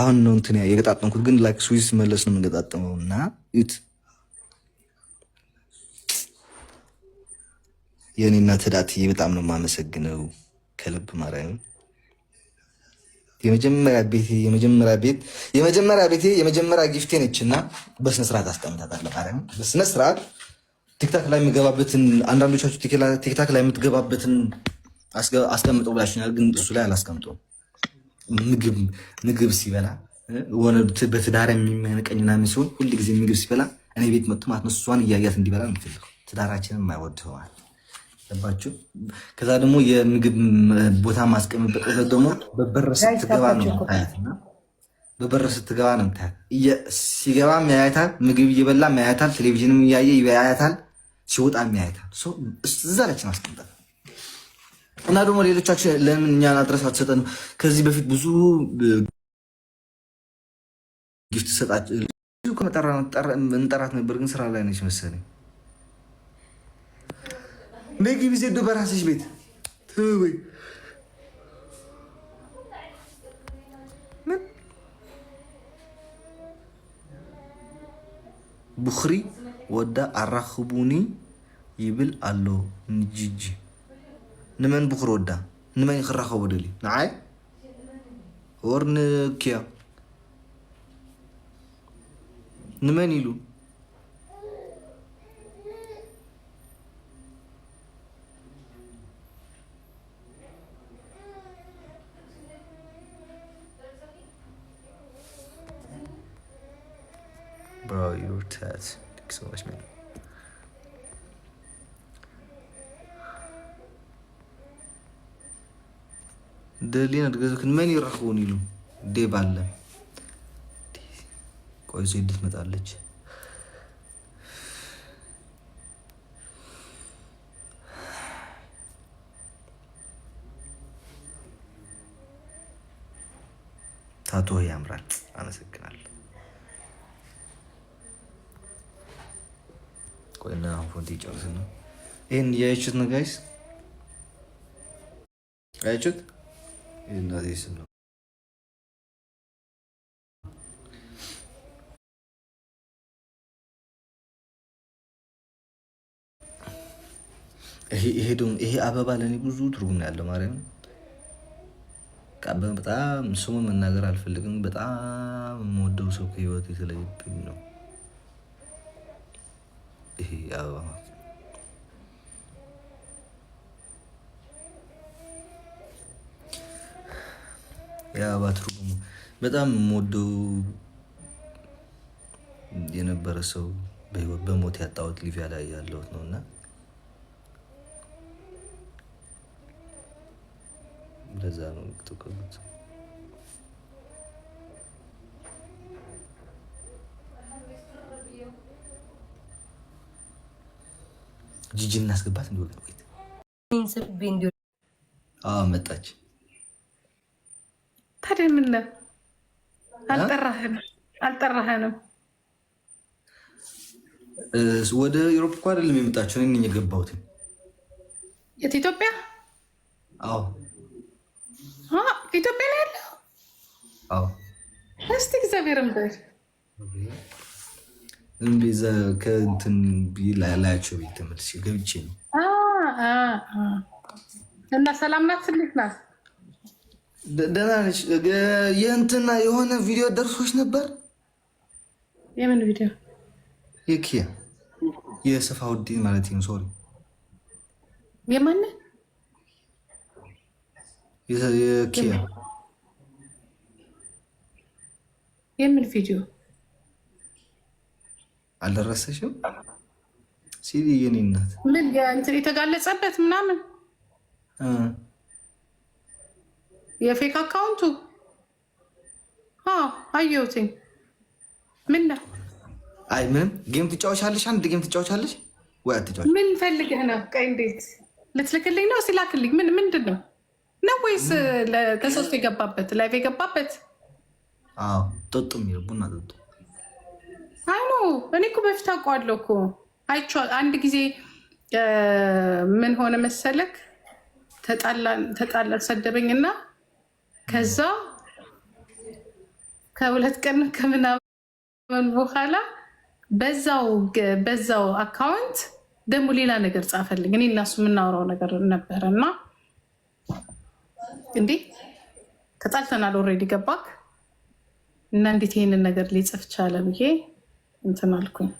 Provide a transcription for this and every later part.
አሁን ነው እንትን የገጣጠምኩት፣ ግን ላይክ ስዊዝ መለስ ነው የምንገጣጠመው እና ዩት የእኔና ተዳትዬ በጣም ነው የማመሰግነው ከልብ ማርያም። የመጀመሪያ ቤቴ የመጀመሪያ ቤት የመጀመሪያ ቤቴ የመጀመሪያ ጊፍቴ ነች እና በስነስርዓት አስቀምጣታለሁ። ማርያም በስነስርዓት ቲክታክ ላይ የሚገባበትን አንዳንዶቻችሁ ቲክታክ ላይ የምትገባበትን አስቀምጠው ብላችኛል፣ ግን እሱ ላይ አላስቀምጠውም። ምግብ ምግብ ሲበላ በትዳር የሚመነቀኝ ምናምን ሲሆን ሁል ጊዜ ምግብ ሲበላ እኔ ቤት መጥቶ ማለት ነው እሷን እያያት እንዲበላ ነው የምፈልገው። ትዳራችንን የማይወድ ማለት ገባችሁ? ከዛ ደግሞ የምግብ ቦታ ማስቀመጥ ደግሞ በበር ስትገባ ነው የምታያት በበር ስትገባ ነው የምታያት። ሲገባም ያያታል፣ ምግብ እየበላም ያያታል፣ ቴሌቪዥንም እያየ ያያታል፣ ሲወጣም ያያታል። እዛ ላችን አስቀምጣት እና ደግሞ ሌሎቻችን ለምን እኛን አድረስ አትሰጠን? ከዚህ በፊት ብዙ ጊፍት ሰጣችሁ እንጠራት ነበር፣ ግን ስራ ላይ ነች መሰለኝ። ነጊ ጊዜ ዶ በራስሽ ቤት ትውይ ቡክሪ ወዳ አራክቡኒ ይብል ኣሎ ንጅጅ نمن بخر ودا نمن خرخه ودلي نعاي ورن كيا نمن يلو Bro, you're tired. Thank you so much, man. ደሊን እድገዝክን መን ይረኽቡን ኢሉ ዴብ አለ ቆይ ሴት ትመጣለች። ታቶ ያምራል። አመሰግናለሁ። ቆይና ፎንቲ ጨርስ ነው። ይህን ያየችት ነው ጋይስ ያየችት እነዚህ ስም ይሄ ይሄ አበባ ለእኔ ብዙ ትርጉም ያለው ማርያም በጣም ስሙን መናገር አልፈልግም። በጣም የምወደው ሰው ከህይወት የተለየብኝ ነው ይሄ አበባ የአበባ በጣም የምወደው የነበረ ሰው በህይወት በሞት ያጣሁት ሊቪያ ላይ ያለሁት ነው እና ለዛ ነው ተቀሉት ጂጂ እናስገባት እንዲወ መጣች ታዲያ ምን ነው አልጠራህንም? አልጠራህንም? ወደ ዩሮፕ እኮ አይደለም የመጣችው፣ እኔ ነኝ የገባሁት። የት ኢትዮጵያ? አዎ ኢትዮጵያ ላይ ያለው። አዎ እስቲ በል ከእንትን ላያቸው ቤት ተመልሼ ገብቼ ነው እና ሰላም ናት። እንዴት ናት? ደህና ነሽ? የእንትና የሆነ ቪዲዮ ደርሶች ነበር። የምን ቪዲዮ? የኪያ ውዲ ማለት ነው። ሶሪ የማን የኪያ የምን ቪዲዮ አልደረሰሽም? ሲዲ የኔ እናት ምን የተጋለጸበት ምናምን የፌክ አካውንቱ አየሁትኝ። ምን ነው? አይ ምንም። ጌም ትጫወቻለሽ? አንድ ጌም ትጫወቻለሽ ወይ አትጫወች? ምን ፈልገህ ነው? ቀይ እንዴት ልትልክልኝ ነው? ሲላክልኝ ምን ምንድን ነው ነው? ወይስ ተሰስቶ የገባበት ላይፍ የገባበት? አዎ ጠጡ የሚለው ቡና ጠጡ። አይ ነው እኔ እኮ በፊት አውቀዋለሁ እኮ አይቼዋለሁ። አንድ ጊዜ ምን ሆነ መሰለክ፣ ተጣላ ሰደበኝና? ከዛ ከሁለት ቀን ከምናምን በኋላ በዛው በዛው አካውንት ደግሞ ሌላ ነገር ጻፈልኝ። እኔ እናሱ የምናወራው ነገር ነበር እና እንዴ ተጣልተናል ኦልሬዲ ገባክ እና እንዴት ይሄንን ነገር ሊጽፍ ቻለ ብዬ እንትን አልኩኝ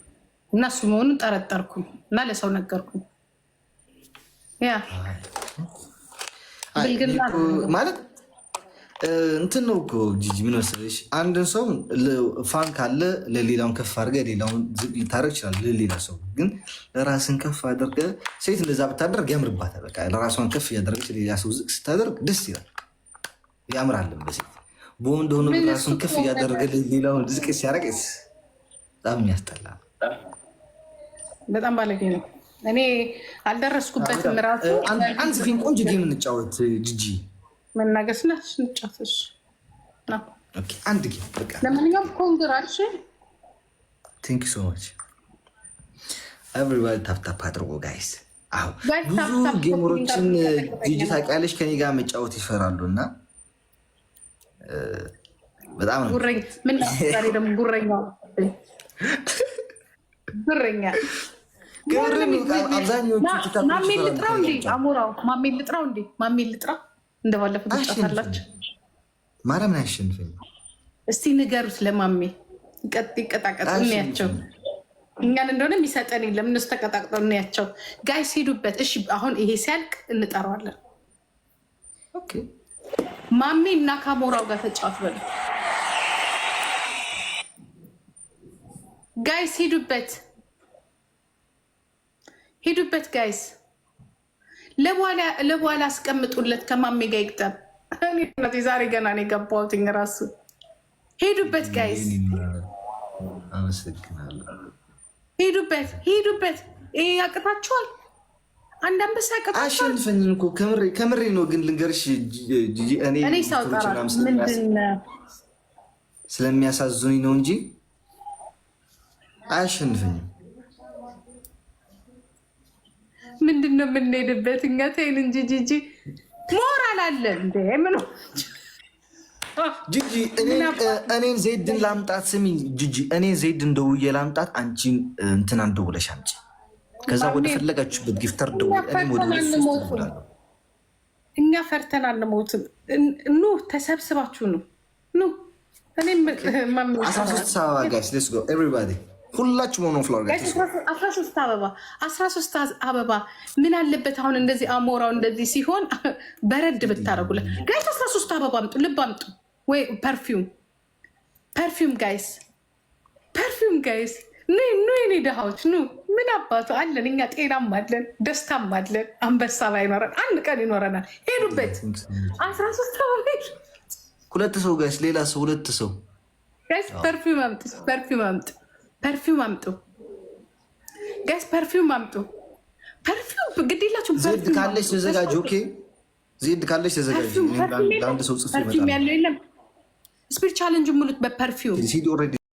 እና እሱ መሆኑን ጠረጠርኩኝ እና ለሰው ነገርኩኝ። ያ ብልግና ማለት እንትን ነው እኮ ጂጂ፣ ምን መሰለሽ፣ አንድን ሰው ፋን ካለ ለሌላውን ከፍ አድርገ ሌላውን ዝቅ ልታደርግ ይችላል። ለሌላ ሰው ግን ለራስን ከፍ አድርገህ ሴት እንደዛ ብታደርግ ያምርባታል። በቃ ለራሷን ከፍ እያደረገች ሌላ ሰው ዝቅ ስታደርግ ደስ ይላል፣ ያምራልም። በሴት በወንድ ሆኖ ራሱን ከፍ እያደረገ ሌላውን ዝቅ ሲያደርግ በጣም የሚያስጠላ በጣም ባለጌ ነው። እኔ አልደረስኩበትም። ራሱ አንድ ቆንጆ ጌም እንጫወት ጂጂ መናገር ስላች ንጫትሽ አንድ ጊዜ በቃ ለማንኛውም ኮንግራችን ቴንክ ዩ ሶ ማች ኤቭሪባዲ ታፕታፕ አድርጎ ጋይስ። አዎ ብዙ ጌሞሮችን ጂጂ ታውቂያለሽ ከኔ ጋር መጫወት ይፈራሉ እና በጣም ነው ጉረኛ ጉረኛ አብዛኛዎቹ ማሜን ልጥራው እንዴ? አሞራው ማሜን ልጥራው እንዴ? ማሜን ልጥራው እንደባለፈው ትጫታላችሁ። ማርያምን አያሸንፈኝ። እስቲ ንገሩት ለማሜ ይቀጣቀጡ እንያቸው። እኛን እንደሆነ የሚሰጠን የለም። እነሱ ተቀጣቅጠ እንያቸው። ጋይ ሲሄዱበት፣ እሺ አሁን ይሄ ሲያልቅ እንጠራዋለን። ማሜ እና ከአሞራው ጋር ተጫወት በሉ። ጋይስ ሄዱበት፣ ሄዱበት ጋይስ ለበኋላ አስቀምጡለት ከማሜ ጋ ይግጠም። ዛሬ ገና ነው የገባሁትኝ። ራሱ ሄዱበት፣ ጋይስ ሄዱበት፣ ሄዱበት። ያቅታችኋል፣ አንድ አንበሳ ያቅታችኋል። አሸንፈኝ እኮ ከምሬ ነው። ግን ልንገርሽ እኔ ስለሚያሳዝኑኝ ነው እንጂ አያሸንፈኝም። ምንድን ነው የምንሄድበት? እኛ ተይን እንጂ ጂጂ ሞራል አለ እንዴ? ምን ጂጂ እኔን ዜድን ላምጣት። ስሚ ጂጂ እኔ ዜድን ደውዬ ላምጣት። አንቺን እንትና እንደውለሽ አምጪ። ከዛ ወደ ፈለጋችሁበት ጊፍተር ደውል። እኛ ፈርተን አንሞትም። ኑ ተሰብስባችሁ ነው ኑ። እኔም አስራ ሶስት ሰባ ጋይስ ሌትስ ጎ ኤቨሪባዲ ሁላችሁም ሆኖ ፍላወር አስራ ሶስት አበባ አስራ ሶስት አበባ ምን አለበት አሁን እንደዚህ አሞራው እንደዚህ ሲሆን በረድ ብታደረጉለት። ጋይስ አስራ ሶስት አበባ አምጡ፣ ልብ አምጡ ወይ ፐርፊውም ፐርፊውም ጋይስ ፐርፊውም ጋይስ ኑ ኑ፣ የኔ ድሃዎች ኑ። ምን አባቱ አለን እኛ ጤናም አለን ደስታም አለን። አንበሳ ባይኖረን አንድ ቀን ይኖረናል። ሄዱበት አስራ ሶስት አበባ ሁለት ሰው ጋይስ፣ ሌላ ሰው ሁለት ሰው ጋይስ፣ ፐርፊውም አምጡ፣ ፐርፊውም አምጡ ፐርፊውም አምጡ ጋይስ፣ ፐርፊውም አምጡ። ፐርፊውም ግድ የላችሁም። ዜድ ካለች ተዘጋጅ። ኦኬ ዜድ ካለች ተዘጋጅ። ለአንድ ሰው ጽፌ እመጣለሁ። ስፒድ ቻለንጅ ሙሉት በፐርፊውም